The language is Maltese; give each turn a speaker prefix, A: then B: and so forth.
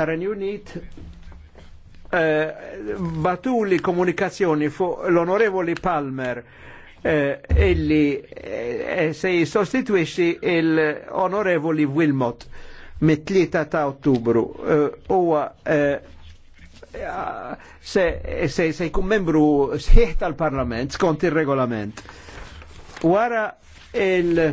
A: tar-Renju Unit eh, batuli komunikazzjoni fuq l-Onorevoli Palmer eh, illi eh, se jistostitwixi l-Onorevoli Wilmot
B: mit-3 ta' Ottubru.
A: Eh, Uwa se, se, jkun membru sħiħ tal-Parlament skont il regolament Wara il-